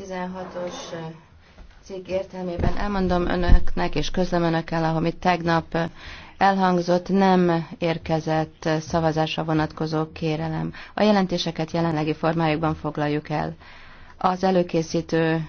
16-os cikk értelmében elmondom önöknek, és közlem önökkel, amit tegnap elhangzott, nem érkezett szavazásra vonatkozó kérelem. A jelentéseket jelenlegi formájukban foglaljuk el. Az előkészítő